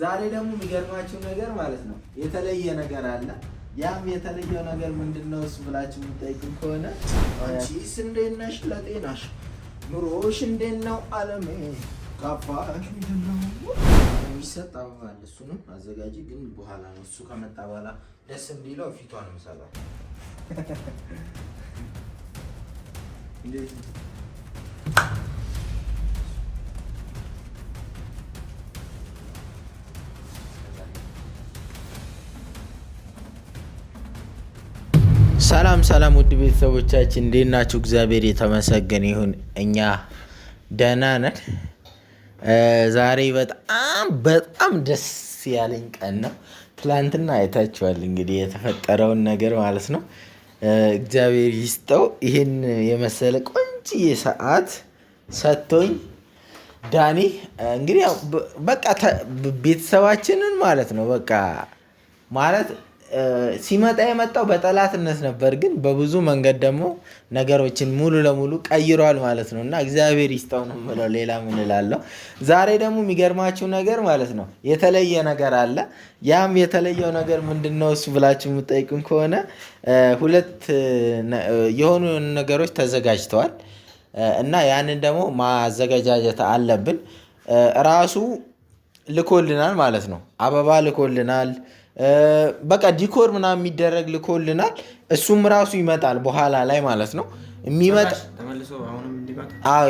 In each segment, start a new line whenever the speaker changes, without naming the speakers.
ዛሬ ደግሞ የሚገርማችሁ ነገር ማለት ነው የተለየ ነገር አለ። ያም የተለየው ነገር ምንድን ነው እሱ ብላችሁ የምጠይቁ ከሆነ አንቺስ እንዴት ነሽ? ለጤናሽ ኑሮሽ እንዴት ነው? አለሜ ካፋሽ ምንድን ነው የሚሰጥ አበባል። እሱንም አዘጋጂ፣ ግን በኋላ ነው እሱ ከመጣ በኋላ ደስ እንዲለው ፊቷን ምሰላ እንዴት ሰላም ሰላም ውድ ቤተሰቦቻችን እንዴት ናችሁ? እግዚአብሔር የተመሰገነ ይሁን። እኛ ደህና ነን። ዛሬ በጣም በጣም ደስ ያለኝ ቀን ነው። ትላንትና አይታችኋል እንግዲህ የተፈጠረውን ነገር ማለት ነው። እግዚአብሔር ይስጠው ይህን የመሰለ ቆንጅዬ ሰዓት ሰጥቶኝ ዳኒ እንግዲህ በቃ ቤተሰባችንን ማለት ነው በቃ ማለት ሲመጣ የመጣው በጠላትነት ነበር፣ ግን በብዙ መንገድ ደግሞ ነገሮችን ሙሉ ለሙሉ ቀይሯል ማለት ነው እና እግዚአብሔር ይስጠው ነው የምለው። ሌላ ምን እላለሁ? ዛሬ ደግሞ የሚገርማችሁ ነገር ማለት ነው የተለየ ነገር አለ። ያም የተለየው ነገር ምንድን ነው እሱ ብላችሁ የምጠይቁን ከሆነ ሁለት የሆኑ ነገሮች ተዘጋጅተዋል እና ያንን ደግሞ ማዘገጃጀት አለብን። ራሱ ልኮልናል ማለት ነው። አበባ ልኮልናል በቃ ዲኮር ምናምን የሚደረግ ልኮልናል። እሱም ራሱ ይመጣል በኋላ ላይ ማለት ነው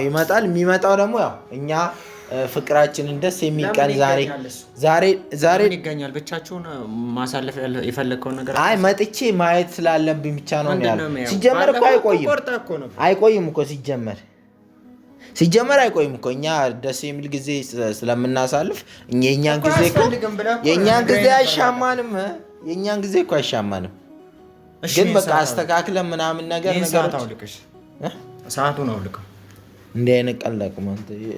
ይመጣል። የሚመጣው ደግሞ ያው እኛ ፍቅራችንን ደስ የሚቀን
ዛሬ ዛሬ ይገኛል። ብቻችሁን ማሳለፍ የፈለግከው ነገር
አይ መጥቼ ማየት ስላለብኝ ብቻ ነው ሲጀመር እኮ አይቆይም አይቆይም እኮ ሲጀመር ሲጀመር አይቆይም እኮ እኛ ደስ የሚል ጊዜ ስለምናሳልፍ የእኛን ጊዜ የእኛን ጊዜ አይሻማንም። የእኛን ጊዜ እኮ አይሻማንም፣ ግን በቃ አስተካክለን ምናምን ነገር ነገሮች
ሰዓቱን አውልቀው
እንዲህ አይነት ቀልድ አቁም። አንተ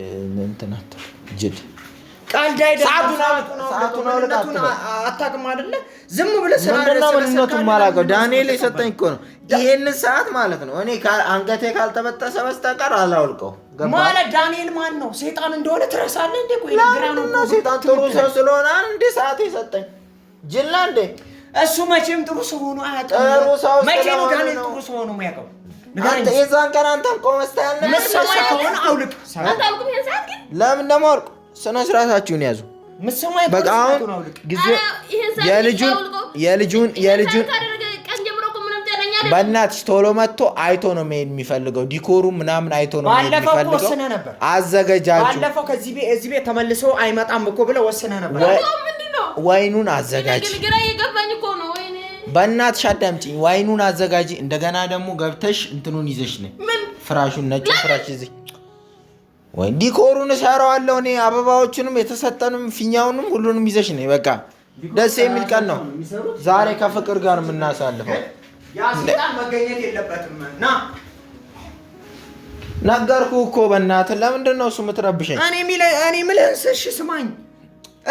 ዳንኤል የሰጠኝ እኮ ነው። ይህን ሰዓት ማለት ነው እኔ አንገቴ ካልተበጠሰ በስተቀር አላውልቀው
ማለት ዳንኤል ማን ነው? ሴጣን እንደሆነ ትረሳለህ እንዴ?
ቆይ ነው ሴጣን ጥሩ ሰው ስለሆነ እንዴ ሰዓት የሰጠኝ ጅላ እንዴ።
እሱ መቼም ጥሩ ሰው ሆኖ ጥሩ ሰው መቼ ነው ዳንኤል ጥሩ ሰው ሆኖ የሚያውቀው?
የዛን ቀን አንተም ቆመህ ስታያለ
ከሆነ አውልቅ።
ለምን ደግሞ አውልቅ። ስነ ስርዓታችሁን ያዙ። ምሰማኝ በቃ አሁን ጊዜ የልጁን የልጁን የልጁን በእናትሽ ቶሎ መጥቶ አይቶ ነው መሄድ የሚፈልገው። ዲኮሩ ምናምን አይቶ ነው
መሄድ የሚፈልገው።
አዘገጃጁ
ባለፈው ከዚህ ቤት ተመልሶ አይመጣም እኮ ብለ ወስነህ
ነበር። ወይኑን አዘጋጅ። በእናትሽ አዳምጪኝ። ወይኑን አዘጋጂ። እንደገና ደግሞ ገብተሽ እንትኑን ይዘሽ ነኝ ፍራሹን፣ ነጭ ፍራሽ ይዘሽ ወይ ዲኮሩን እሰራዋለሁ እኔ። አበባዎቹንም የተሰጠንም ፊኛውንም ሁሉንም ይዘሽ ነኝ። በቃ ደስ የሚል ቀን ነው ዛሬ ከፍቅር ጋር የምናሳልፈው። ነገርኩ እኮ በእናትህ። ለምንድን ነው እሱ የምትረብሸኝ?
እኔ የምልህን ስሽ ስማኝ።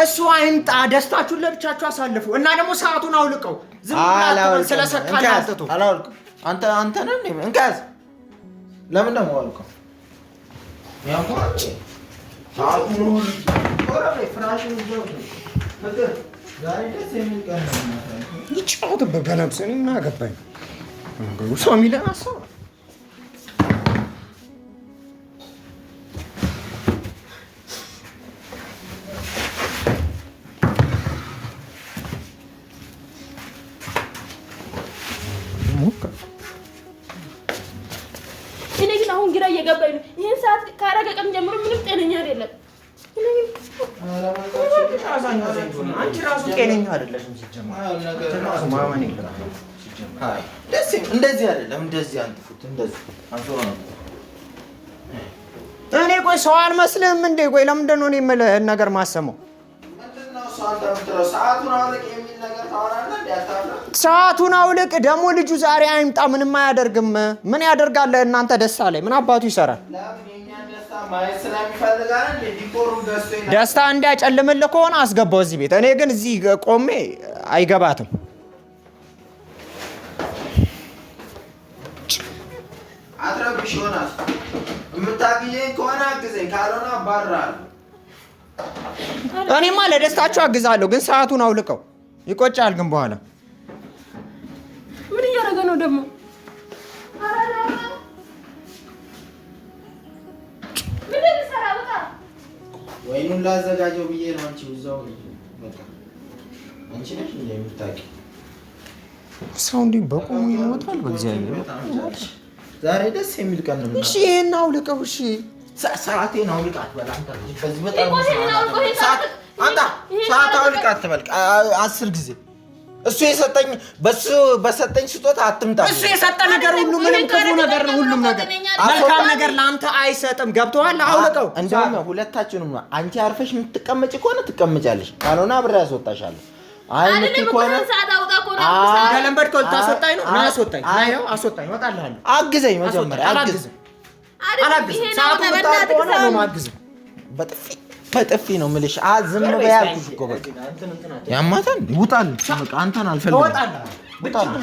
እሱ አይምጣ፣ ደስታችሁን ለብቻችሁ አሳልፉ እና ደግሞ ሰዓቱን አውልቀው።
ለምን ደግሞ አውልቀው? ሰዓቱን ፍራሽ ይጫወትበት በነፍስ ምን አገባኝ ሰው የሚለና ሰው እንደዚህ አይደለም። እንደዚህ አንጥፉት። እንደዚህ
እኔ ቆይ ሰው አልመስልህም እንዴ? ቆይ ለምንድን ነው እኔ የምልህ ነገር ማሰማው? ሰዓቱን አውልቅ። ደግሞ ልጁ ዛሬ አይምጣ ምንም አያደርግም። ምን ያደርጋል? እናንተ ደስታ ላይ ምን አባቱ ይሰራል? ደስታ እንዲያጨልምልህ ከሆነ አስገባው እዚህ ቤት። እኔ ግን እዚህ ቆሜ አይገባትም
አትረብሽ ይሆናል። የምታግዘኝ ከሆነ አግዘኝ፣ ካልሆነ አባርራለሁ።
እኔማ ለደስታችሁ አግዛለሁ፣ ግን ሰዓቱን አውልቀው። ይቆጫል ግን በኋላ ምን እያደረገ ነው ደግሞ?
ወይኑን ላዘጋጀው ብዬ ነው። አንቺ እዛው አንቺ ነሽ እንደምታውቂ ሰው እንዲህ በቆሙ ይሞታል በእግዚአብሔር ዛሬ ደስ የሚል ቀን
ነው። እሺ ይሄን አውልቀው። እሺ
ሰዓቴን አውልቃት በል አንተ።
በዚህ በጣም አንተ
ሰዓት አውልቃት አትበል። አስር ጊዜ እሱ የሰጠኝ በሱ በሰጠኝ ስጦታ አትምጣ። እሱ
የሰጠ ነገር ሁሉ ምንም ክፉ ነገር ሁሉም ነገር መልካም ነገር ለአንተ አይሰጥም። ገብቶሃል? አውልቀው።
እንደውም ሁለታችንም ነው። አንቺ አርፈሽ የምትቀመጭ ከሆነ ትቀመጫለሽ፣ ካልሆነ አብሬ ያስወጣሻለሁ።
አይ የምትል ከሆነ ለምበድ ልታስወጣኝ ነው? አስወጣኝ፣ አስወጣኝ፣ እወጣልሃለሁ።
አግዘኝ፣ መጀመሪያ አግዘኝ። በጥፊ ነው የምልሽ። ዝም በይ አልኩሽ እኮ በቃ። ያማታል፣ ውጣልኝ። በቃ አንተን አልፈልግም። የሚል ዝም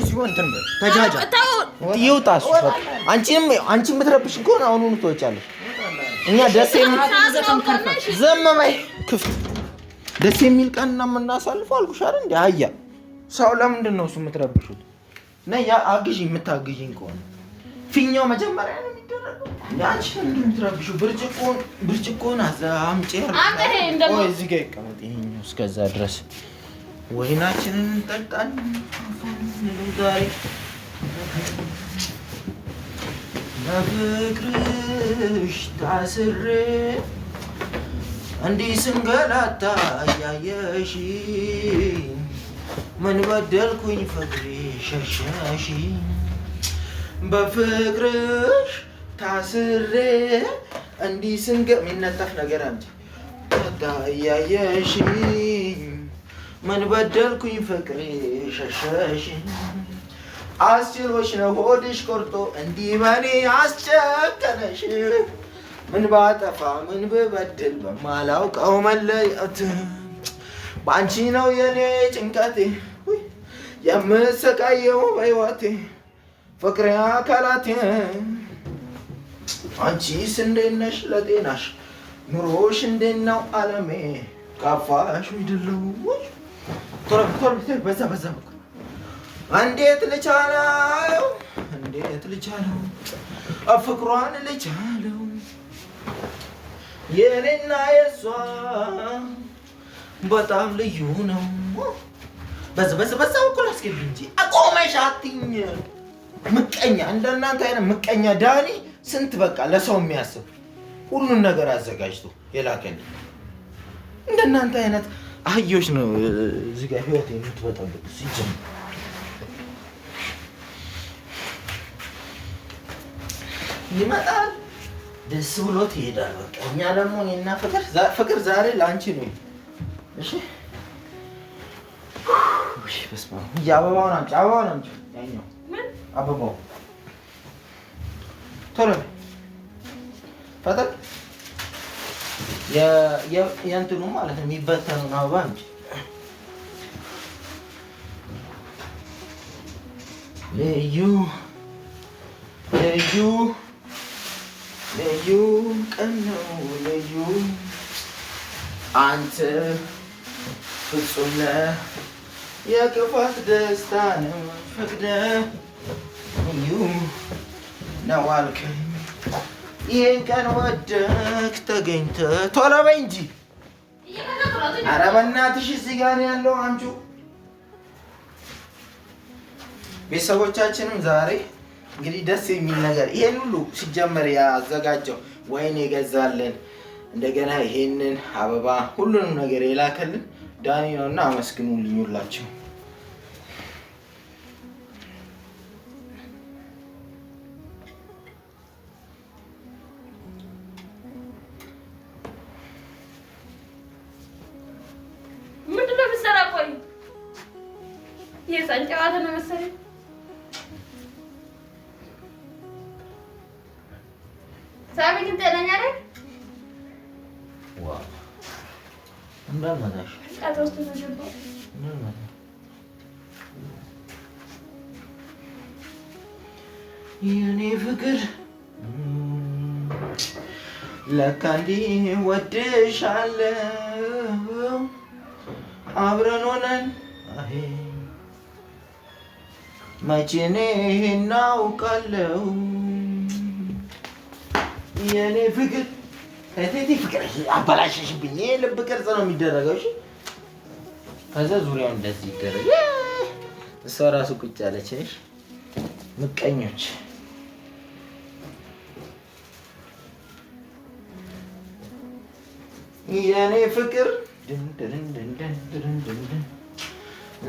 ደስ የሚል ቀን እና የምናሳልፈው አልኩሽ አይደል እንደ አህያ ሰው ለምንድን ነው እሱ የምትረብሹት? እና ያ አግዥ የምታግዥኝ ከሆነ ፊኛው መጀመሪያ ነው የሚደረገው። አንቺ ምንድን ነው የምትረብሹ? ብርጭቆን ብርጭቆን አምጪ። እዚህ ጋር ይቀመጥ። ይሄኛው እስከዛ ድረስ ወይናችንን እንጠጣን። ዛሬ በፍቅርሽ ታስሬ እንዲህ ስንገላታ እያየሽ ምን በደልኩኝ ፍቅሪ ሸሻሽ በፍቅርሽ ታስሬ እንዲህ ስንገ የሚነጠፍ ነገር አንቺ ተዳያየሽኝ ምን በደልኩኝ ፍቅሪ ሸሻሽ አስችሎሽ ነው ሆድሽ ቆርጦ እንዲህ በኔ አስጨከነሽ ምን ባጠፋ ምን ብበድል በማላውቀው መለየት በአንቺ ነው የኔ ጭንቀቴ የምሰቃየው በሕይወቴ ፍቅሬ አካላቴ አንቺስ እንዴት ነሽ ለጤናሽ ኑሮሽ እንዴት ነው አለሜ ካፋሽ ይድለው በዛ በዛ እንዴት ልቻለው እንዴት ልቻለው ፍቅሯን ልቻለው የኔና የሷ በጣም ልዩ ነው። በዛ በዛ በዛ በኩል አስገቢ እንጂ አቆመሽ አትይኝ። ምቀኛ እንደናንተ አይነት ምቀኛ ዳኒ ስንት በቃ ለሰው የሚያስብ ሁሉን ነገር አዘጋጅቶ የላከን እንደናንተ አይነት አህዮች ነው እዚህ ጋር ህይወት የምትበጠብጥ ሲጀምር ይመጣል ደስ ብሎት ይሄዳል። በቃ እኛ ደግሞ እኔና ፍቅር ፍቅር ዛሬ ለአንቺ ነው እሺ እሺ፣ በስመ አበባውን አምጪ፣ አበባውን አምጪ። ያኛው አበባው? ቶሎ ፈጠን። የእንትኑ ማለት ነው የሚበተኑን አበባ አምጪ። ልዩ ልዩ ልዩ ቀን ነው ልዩ አንተ ፍጹም ነህ የክፋት ነው ፈቅደህ እዩ ነው አልከኝ። ይህን ቀን ወደክ ተገኝተህ ቶሎ በይ እንጂ። ኧረ በእናትሽ እዚህ ጋር ያለው አንቺ። ቤተሰቦቻችንም ዛሬ እንግዲህ ደስ የሚል ነገር ይሄን ሁሉ ሲጀመር ያዘጋጀው ወይን የገዛልን እንደገና ይሄንን አበባ ሁሉንም ነገር የላከልን ዳኒ ነው እና አመስግኑልኝ ሁላችሁ።
ምንድን ነው የምትሰራ? ቆይ የህፃን ጨዋታ ነው መሰለኝ
ለካ እንዲህ ወድሻለሁ አብረን ሆነን መቼኔ እናውቃለሁ የኔ ፍቅር እቴቴ ፍቅር አበላሸሽብኝ። ልብ ቅርጽ ነው የሚደረገው። እሺ ከዛ ዙሪያው እንደዚህ ይደረግ። እሷ ራሱ ቁጭ ያለች ምቀኞች የኔ ፍቅር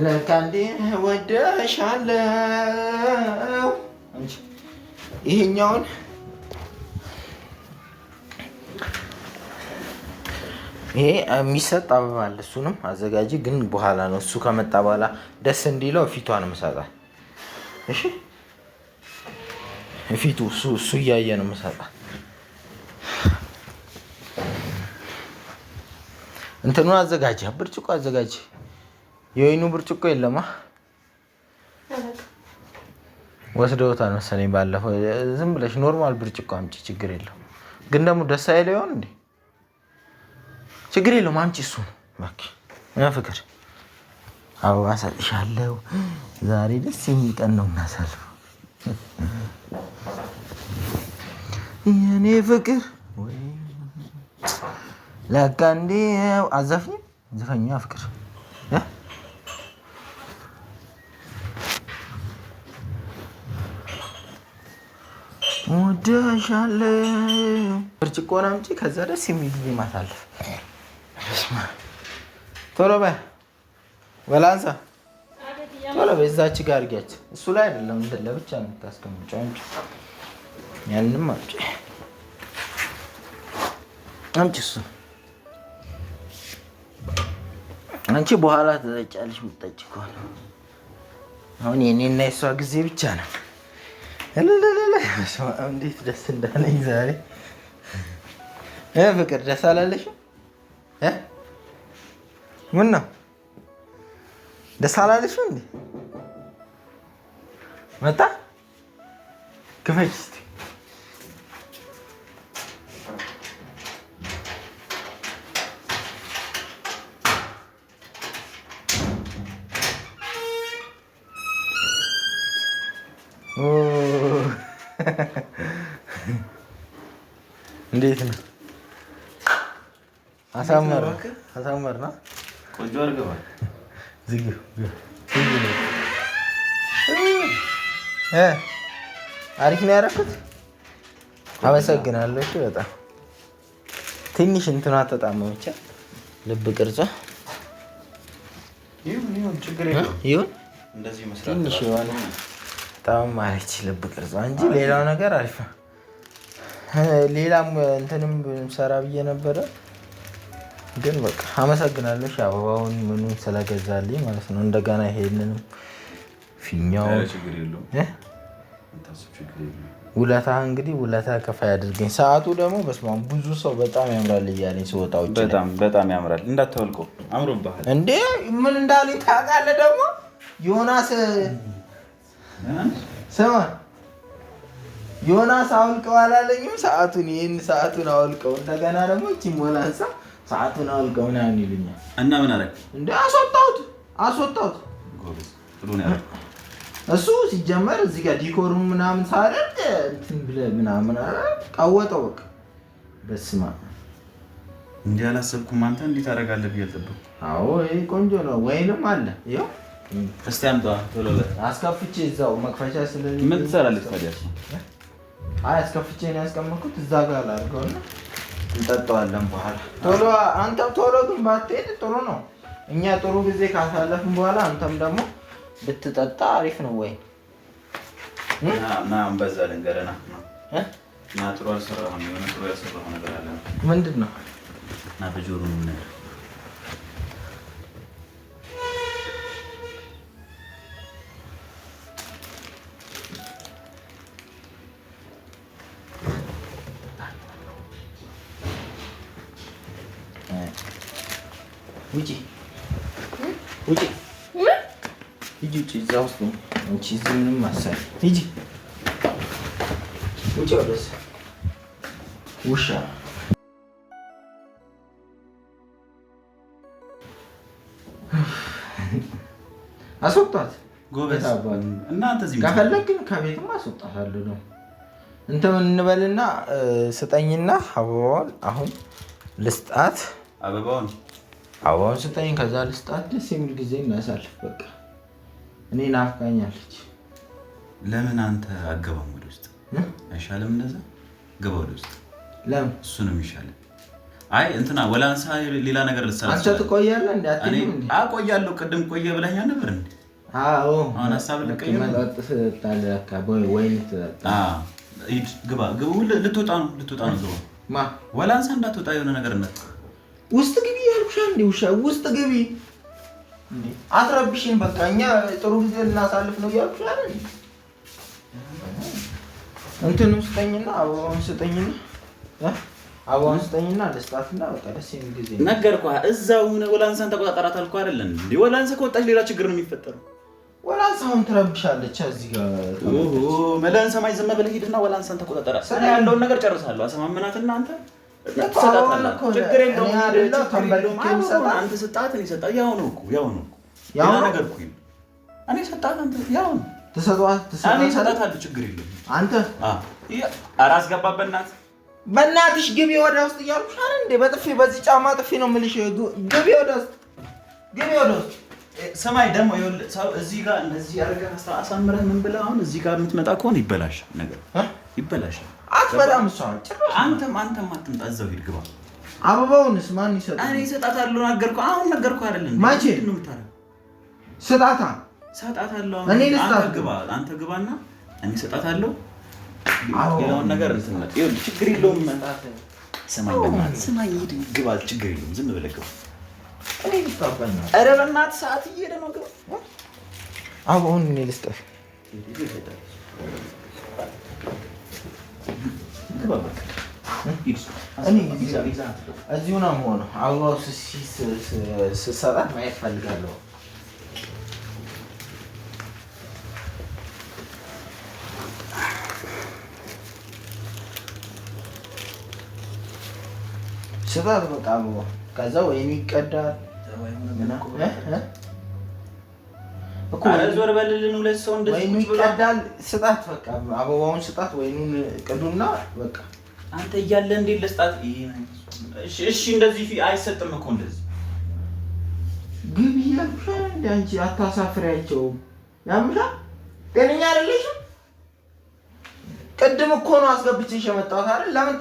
ለካ እንዲህ ወደሻለው። ይሄኛውን ይሄ የሚሰጥ አበባ አለ። እሱንም አዘጋጅ፣ ግን በኋላ ነው። እሱ ከመጣ በኋላ ደስ እንዲለው ፊቷን ምሰጣል። እሺ፣ ፊቱ እሱ እያየ ነው ምሰጣል እንትኑ አዘጋጀ፣ ብርጭቆ አዘጋጀ። የወይኑ ብርጭቆ የለማ ወስደውታል መሰለኝ። ባለፈው ዝም ብለሽ ኖርማል ብርጭቆ አምጪ፣ ችግር የለው። ግን ደግሞ ደስ አይለው ይሆን እንዴ? ችግር የለውም አምጪ። እሱ ነው ፍቅር። አበባ ሰጥሻለሁ። ዛሬ ደስ የሚል ቀን ነው እናሳልፍ የኔ ፍቅር ወይ ለካ እንዴ አዘፍኝ ዘፈኛ ፍቅር ወደሻለ ብርጭቆን እንጂ ከዛ ደስ የሚል ጊዜ ማሳለፍ። ቶሎ በይ በላንሳ፣ ቶሎ በይ እዛች ጋር አድርጊያች። እሱ ላይ አይደለም እንደ ለብቻ የምታስቀምጪው እንጂ ያንንም አምጪ፣ አምጪ እሱ አንቺ በኋላ ተጠጫለሽ። የምትጠጪ ከሆነ አሁን የኔና የሷ ጊዜ ብቻ ነው። እንዴት ደስ እንዳለኝ ዛሬ ፍቅር። ደስ አላለሽም? ምን ነው ደስ አላለሽም? እንደ መጣ ክፈች እስኪ እንዴት ነው? አሳመር አሳመር ነው።
ቆንጆ አርገባል።
ዝግ አሪፍ ነው ያደረኩት። አመሰግናለሁ። በጣም ትንሽ እንትና ተጣመመ ብቻ ልብ ቅርጿ
ይሁን ይሁን፣ ችግር የለውም። ይሁን እንደዚህ
መስራት ትንሽ በጣም ማረች ልብ ቅርጿ እንጂ ሌላው ነገር አሪፍ ሌላም እንትንም ሰራ ብዬ ነበረ ግን በቃ አመሰግናለሁ አበባውን ምኑ ስለገዛልኝ ማለት ነው። እንደገና ይሄንንም ፊኛው ውለታ እንግዲህ ውለታ ከፋ ያድርገኝ። ሰዓቱ ደግሞ በስማ ብዙ ሰው በጣም ያምራል እያለኝ ስወጣ ውጭ
በጣም ያምራል እንዳታወልቀው አምሮባል
እንዴ ምን እንዳሉኝ ታውቃለህ ደግሞ ዮናስ ስማ ዮናስ አውልቀው አላለኝም። ሰዓቱን ይህን ሰዓቱን አውልቀው እንደገና ደግሞ እቺ ሞላንሳ ሰዓቱን አውልቀው ምናምን ይሉኛል። እና ምን አደረግ እንደ አስወጣሁት አስወጣሁት። እሱ ሲጀመር እዚህ ጋር ዲኮሩን ምናምን ሳደርግ እንትን ብለህ ምናምን ቀወጠው። በቃ በስመ አብ
እንዲህ አላሰብኩም። አንተ እንዴት ታደርጋለህ ብዬ አልጠበኩም።
አዎ ቆንጆ ነው ወይንም አለ ይኸው
እስቲ አምጣ ቶሎ በል።
አስከፍቼ እዛው መክፈቻ
ስለዚህ ምን ትሰራለች ታዲያ?
አይ አስከፍቼ ነው ያስቀመጥኩት። እዛ ጋር ላድርገውና እንጠጣዋለን በኋላ። ቶሎ አንተ ቶሎ ግን ባትሄድ ጥሩ ነው። እኛ ጥሩ ጊዜ ካሳለፍን በኋላ አንተም ደግሞ ብትጠጣ አሪፍ ነው። ወይ
ምናምን በዛ ልንገርህ እና ጥሩ አልሰራሁም። የሆነ ጥሩ ያልሰራሁ ነገር አለ። ምንድን ነው? እና በጆሮ ነው
ስራ ውስጥ ነው። አንቺ እዚህ ምንም አሳይ ሂጂ፣ ውጭ ወደስ ውሻ አስወጣት።
ጎበዝ እናንተ እዚህ
ከፈለግን ከቤትም አስወጣታለሁ ነው እንበልና ስጠኝና አበባውን አሁን ልስጣት። አበባውን አበባውን ስጠኝ፣ ከዛ ልስጣት። ደስ የሚል ጊዜ እናሳልፍ በቃ እኔ ናፍቃኛለች።
ለምን አንተ አገባም? ወደ ውስጥ አይሻልም? እንደዛ ግባ ወደ ውስጥ። ለምን እሱ ነው የሚሻለው? አይ እንትና ወላንሳ ሌላ ነገር ልትሰራ
አንተ ትቆያለህ። አትይም እንዴ?
አቆያለሁ። ቅድም ቆየ ብለኛ ነበር እንዴ?
አዎ። ለካ። ማ
ወላንሳ እንዳትወጣ የሆነ ነገር
ውስጥ ግቢ ያልኩሽ። ውሻ ውስጥ ግቢ አትረብሽን። በቃ እኛ ጥሩ ጊዜ ልናሳልፍ ነው እያልኩሽ አይደል? እንትኑን ስጠኝና አበባውን ስጠኝና አበባውን ስጠኝና ልስጣትና በቃ ደስ የሚል ጊዜ
ነገርኳ። እዛው ወላንሳን ተቆጣጠራት አልኩህ አይደል? እንደ ወላንሳ ከወጣች ሌላ ችግር ነው የሚፈጠረው።
ወላንሳውን ትረብሻለች። እዚህ ጋር
መላንሳ ማይ ዝም ብለህ ሂድና ወላንሳን ተቆጣጠራት። ያለውን ነገር ጨርሳለሁ። አሰማምናትና አንተ በእናትሽ
ግቢ ወደ ውስጥ እያልኩሽ አይደል እንዴ? በጥፊ በዚህ ጫማ ጥፊ ነው የምልሽ። ግቢ ወደ ውስጥ ግቢ ወደ ውስጥ
ሰማይ ደግሞ እዚህ ጋር እንደዚህ አድርገህ አሳምረህ ምን ብለህ አሁን እዚህ ጋር የምትመጣ ከሆነ ይበላሻል፣ ነገር ይበላሻል።
አትመጣም። እሷ
አንተም አንተም አትምጣ፣ እዛው ሂድ ግባ።
አበባውንስ ማን ይሰጣል? እኔ እሰጣታለሁ። ነገርኩህ፣ አሁን ነገርኩህ አይደል? ማቼ ስጣታ
እሰጣታለሁ። እኔ ልስጣት። ግባ፣ አንተ ግባና እኔ እሰጣታለሁ። ሌላውን ነገር እንትን ነው። ይኸውልህ፣ ችግር የለውም። ስማኝ፣ በእናትህ ስማኝ፣ ሂድ ግባ፣ ችግር የለውም። ዝም ብለህ ግባ።
ኧረ በእናትህ ሰዓት እየሄደ ነው፣ ግባ። አሁን እኔ ልስጠፍ እዚሁ ነው የምሆነው። አበባው ስሰጣት ማየት ፈልጋለሁ። ስጣት በቃ ከዛ ወይም ይቀዳል
ዞር በልልን። ሁለት ሰው እንደዚህ
ይቀዳል። ስጣት፣ በቃ አበባውን ስጣት፣ ወይኑን ቅዱና በቃ
አንተ እያለ እንዴት ለስጣት? እሺ፣ እንደዚህ አይሰጥም እኮ እንደዚህ
እንደ አንቺ አታሳፍሪያቸውም። ጤነኛ አይደለሽም። ቅድም እኮ ነው አስገብቼሽ የመጣሁት አይደል? ለምን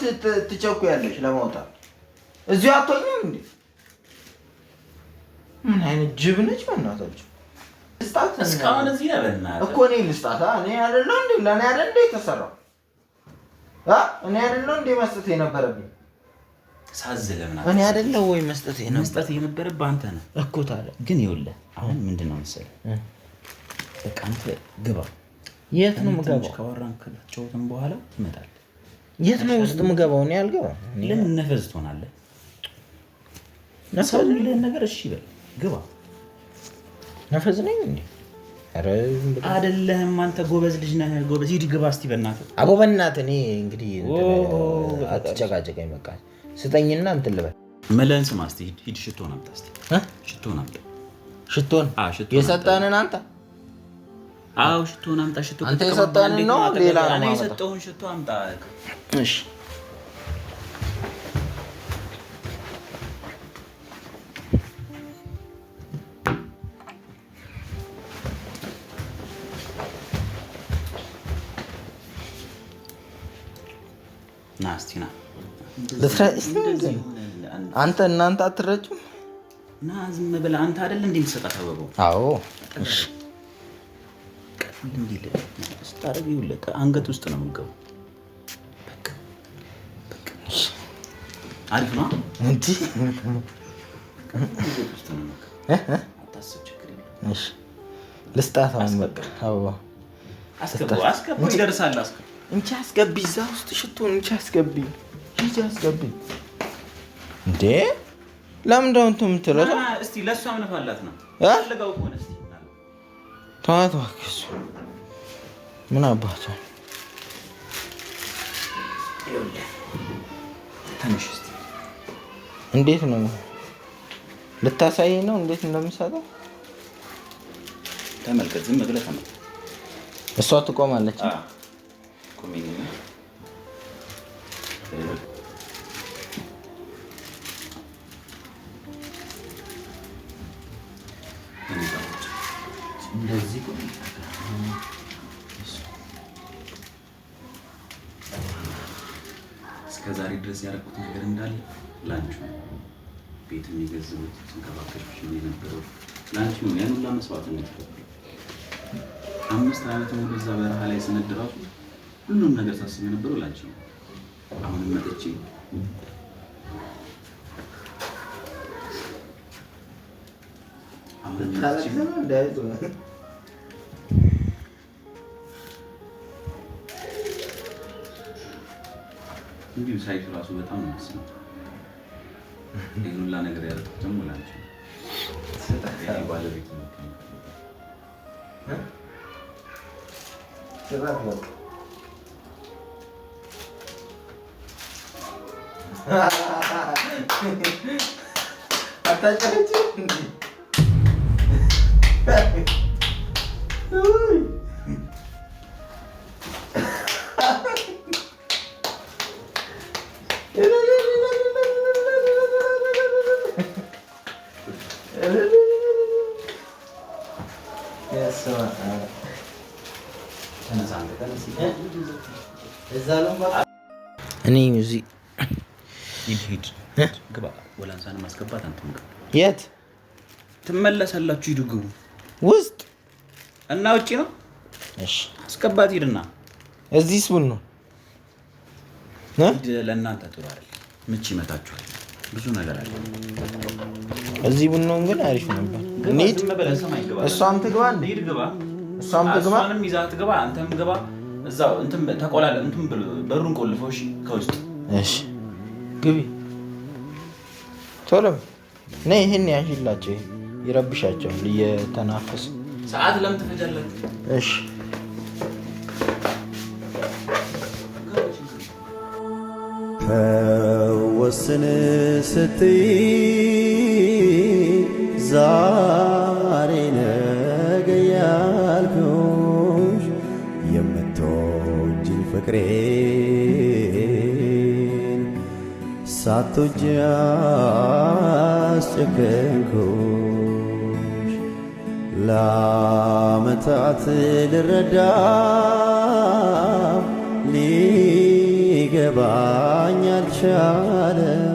ትቸኩያለሽ ለማውጣት? እዚሁ አትሆኝም እንዴ? ምን አይነት ጅብ ነች በእናታችሁ። ልስጣት
እስካሁን እዚህ ነህ።
እኮ እኔ ልስጣት እኔ አይደለሁ እንዴ ለእኔ አይደል እንዴ የተሰራው እኔ አይደለሁ እንዴ መስጠት የነበረብኝ እኔ አይደለሁ ወይ መስጠት
መስጠት የነበረብህ አንተ ነህ እኮ ታዲያ ግን ይኸውልህ አሁን ምንድን ነው መሰለህ በቃ አንተ ግባ
የት ነው የምገባው
ካወራን ከጨዋታም በኋላ ትመጣለህ
የት ነው ውስጥ የምገባው እኔ አልገባም
ለምን ነፈዝ ትሆናለህ ሰው ነገር እሺ በል ግባ ነፈዝ ነኝ እንዴ?
አይደለህም። አንተ ጎበዝ ልጅ ነህ። ጎበዝ ሂድ ግባ። እስኪ በእናትህ
አቦ፣ በእናትህ እኔ እንግዲህ አትጨቃጨቀኝ። በቃ ስጠኝና እንትን ልበል። መለህን ስማ እስኪ ሂድ፣ ሽቶን አምጣ እስኪ ሽቶን አምጣ።
ሽቶን የሰጠንን አንተ
አዎ፣ ሽቶን አምጣ። ሽቶ አንተ ነው ሌላ ነው። ሽቶ አምጣ።
እሺ አንተ እናንተ አትረጭም
እና ዝም ብለህ አንተ አይደል እንዴ የምትሰጣት አበባው?
አዎ እሺ።
አንገት ውስጥ ነው የምንገቡ። አሪፍ ነው
እንዴ? ልስጣት አሁን በቃ አበባ
አስገቡ፣ አስገቡ፣ ይደርሳል። አስገቡ
እንጂ አስገቢ፣ እዛ ውስጥ ሽቶን እንጂ አስገቢ ቢዚ አስገብኝ እንዴ! ለምን ደው እንትን የምትለው
እስቲ ለእሷ እምነት አላት ነው
ተዋት እባክህ። እሱ ምን አባቷ እንዴት ነው ልታሳይ ነው? እንዴት እንደምሰጠው
ተመልከት። ዝም ብለህ ተመልከት።
እሷ ትቆማለች።
ዛሬ ድረስ ያደረኩት ነገር እንዳለ ላንቺ ቤት የገዘቡት ስንከባከብሽ ምን የነበረው ላንቺ ነው። ያን ሁላ መስዋዕትነት አምስት ዓመት ሙሉ እዛ በረሃ ላይ ስነድራሱ ሁሉም ነገር ሳስብ የነበረው ላንቺ ነው። አሁንም አሁንም መጥቼ እንዲሁ ሳይሽ ራሱ በጣም ነው ይህን ሁላ ነገር ያደረኩት ደግሞ ላንቺ
ባለቤት ነው። እኔ የት ትመለሳላችሁ? ሂዱ ግቡ። ውስጥ እና ውጭ ነው። አስገባት ሂድና፣ እዚህ ስቡን ነው ለእናንተ ጥሩ አይደል? ምች ይመታችኋል። ብዙ ነገር አለ። እዚህ ቡናውን ግን አሪፍ ነበር። እንሂድ። እሷም ትግባ፣ እሷም ትግባ፣ አንተም ግባ እዛው እንትን ተቆላለ እንትን በሩን ቆልፈው። እሺ፣ ከውስጥ እሺ፣ ግቢ ቶሎ ነ። ይህን ያሽላቸው ይረብሻቸዋል፣ እየተናፈሱ ሰዓት ለምን እሺ ከወስን ስትይ ዛሬ ፍቅሬን ሳትወጂ አስጨከንኩሽ ለዓመታት ልረዳ ሊገባኝ አልቻለም።